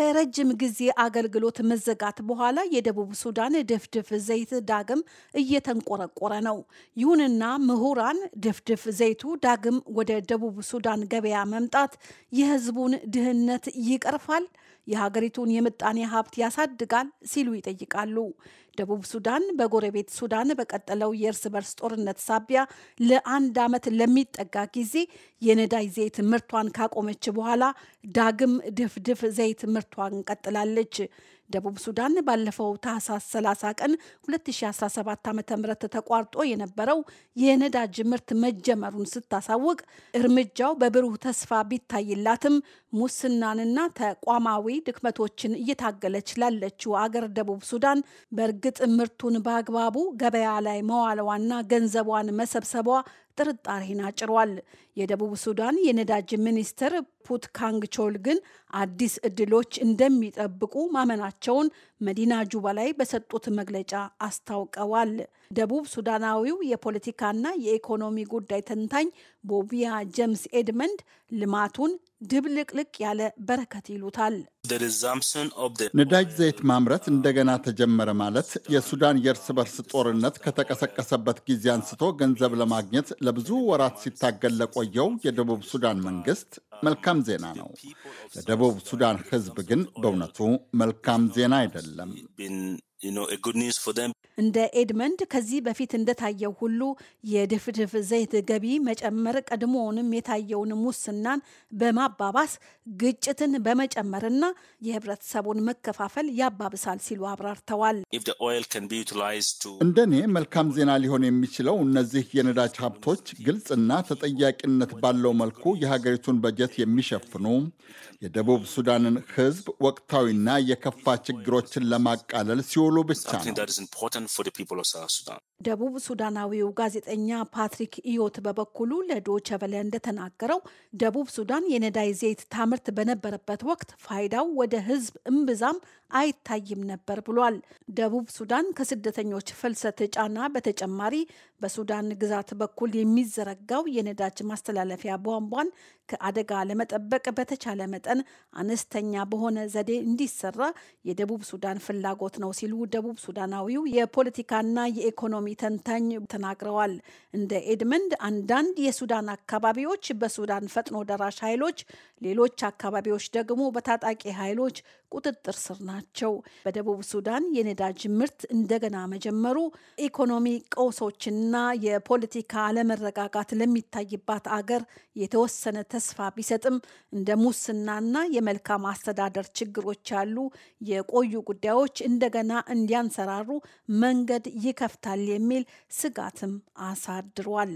ከረጅም ጊዜ አገልግሎት መዘጋት በኋላ የደቡብ ሱዳን ድፍድፍ ዘይት ዳግም እየተንቆረቆረ ነው። ይሁንና ምሁራን ድፍድፍ ዘይቱ ዳግም ወደ ደቡብ ሱዳን ገበያ መምጣት የሕዝቡን ድህነት ይቀርፋል የሀገሪቱን የምጣኔ ሀብት ያሳድጋል ሲሉ ይጠይቃሉ። ደቡብ ሱዳን በጎረቤት ሱዳን በቀጠለው የእርስ በርስ ጦርነት ሳቢያ ለአንድ ዓመት ለሚጠጋ ጊዜ የነዳጅ ዘይት ምርቷን ካቆመች በኋላ ዳግም ድፍድፍ ዘይት ምርቷን ቀጥላለች። ደቡብ ሱዳን ባለፈው ታህሳስ 30 ቀን 2017 ዓ ም ተቋርጦ የነበረው የነዳጅ ምርት መጀመሩን ስታሳውቅ እርምጃው በብሩህ ተስፋ ቢታይላትም ሙስናንና ተቋማዊ ድክመቶችን እየታገለች ላለችው አገር ደቡብ ሱዳን በእርግጥ ምርቱን በአግባቡ ገበያ ላይ መዋለዋና ገንዘቧን መሰብሰቧ ጥርጣሬን አጭሯል። የደቡብ ሱዳን የነዳጅ ሚኒስትር ፑት ካንግ ቾል ግን አዲስ እድሎች እንደሚጠብቁ ማመናቸውን መዲና ጁባ ላይ በሰጡት መግለጫ አስታውቀዋል። ደቡብ ሱዳናዊው የፖለቲካና የኢኮኖሚ ጉዳይ ተንታኝ ቦቪያ ጀምስ ኤድመንድ ልማቱን ድብልቅልቅ ያለ በረከት ይሉታል። ነዳጅ ዘይት ማምረት እንደገና ተጀመረ ማለት የሱዳን የእርስ በርስ ጦርነት ከተቀሰቀሰበት ጊዜ አንስቶ ገንዘብ ለማግኘት ለብዙ ወራት ሲታገል ለቆየው የደቡብ ሱዳን መንግስት መልካም ዜና ነው። ለደቡብ ሱዳን ሕዝብ ግን በእውነቱ መልካም ዜና አይደለም። እንደ ኤድመንድ ከዚህ በፊት እንደታየው ሁሉ የድፍድፍ ዘይት ገቢ መጨመር ቀድሞውንም የታየውን ሙስናን በማባባስ ግጭትን በመጨመርና የህብረተሰቡን መከፋፈል ያባብሳል ሲሉ አብራርተዋል። እንደኔ መልካም ዜና ሊሆን የሚችለው እነዚህ የነዳጅ ሀብቶች ግልጽና ተጠያቂነት ባለው መልኩ የሀገሪቱን በጀት የሚሸፍኑ የደቡብ ሱዳንን ህዝብ ወቅታዊና የከፋ ችግሮችን ለማቃለል ሲሆ I think that is important for the people of South Sudan. ደቡብ ሱዳናዊው ጋዜጠኛ ፓትሪክ ኢዮት በበኩሉ ለዶቸ እንደተናገረው ደቡብ ሱዳን የነዳይ ዘይት ታምርት በነበረበት ወቅት ፋይዳው ወደ ሕዝብ እምብዛም አይታይም ነበር ብሏል። ደቡብ ሱዳን ከስደተኞች ፍልሰት ጫና በተጨማሪ በሱዳን ግዛት በኩል የሚዘረጋው የነዳጅ ማስተላለፊያ ቧንቧን ከአደጋ ለመጠበቅ በተቻለ መጠን አነስተኛ በሆነ ዘዴ እንዲሰራ የደቡብ ሱዳን ፍላጎት ነው ሲሉ ደቡብ ሱዳናዊው የፖለቲካና የኢኮኖሚ ኢኮኖሚ ተንታኝ ተናግረዋል። እንደ ኤድመንድ አንዳንድ የሱዳን አካባቢዎች በሱዳን ፈጥኖ ደራሽ ኃይሎች፣ ሌሎች አካባቢዎች ደግሞ በታጣቂ ኃይሎች ቁጥጥር ስር ናቸው። በደቡብ ሱዳን የነዳጅ ምርት እንደገና መጀመሩ ኢኮኖሚ ቀውሶችና የፖለቲካ አለመረጋጋት ለሚታይባት አገር የተወሰነ ተስፋ ቢሰጥም እንደ ሙስናና የመልካም አስተዳደር ችግሮች ያሉ የቆዩ ጉዳዮች እንደገና እንዲያንሰራሩ መንገድ ይከፍታል የሚል ስጋትም አሳድሯል።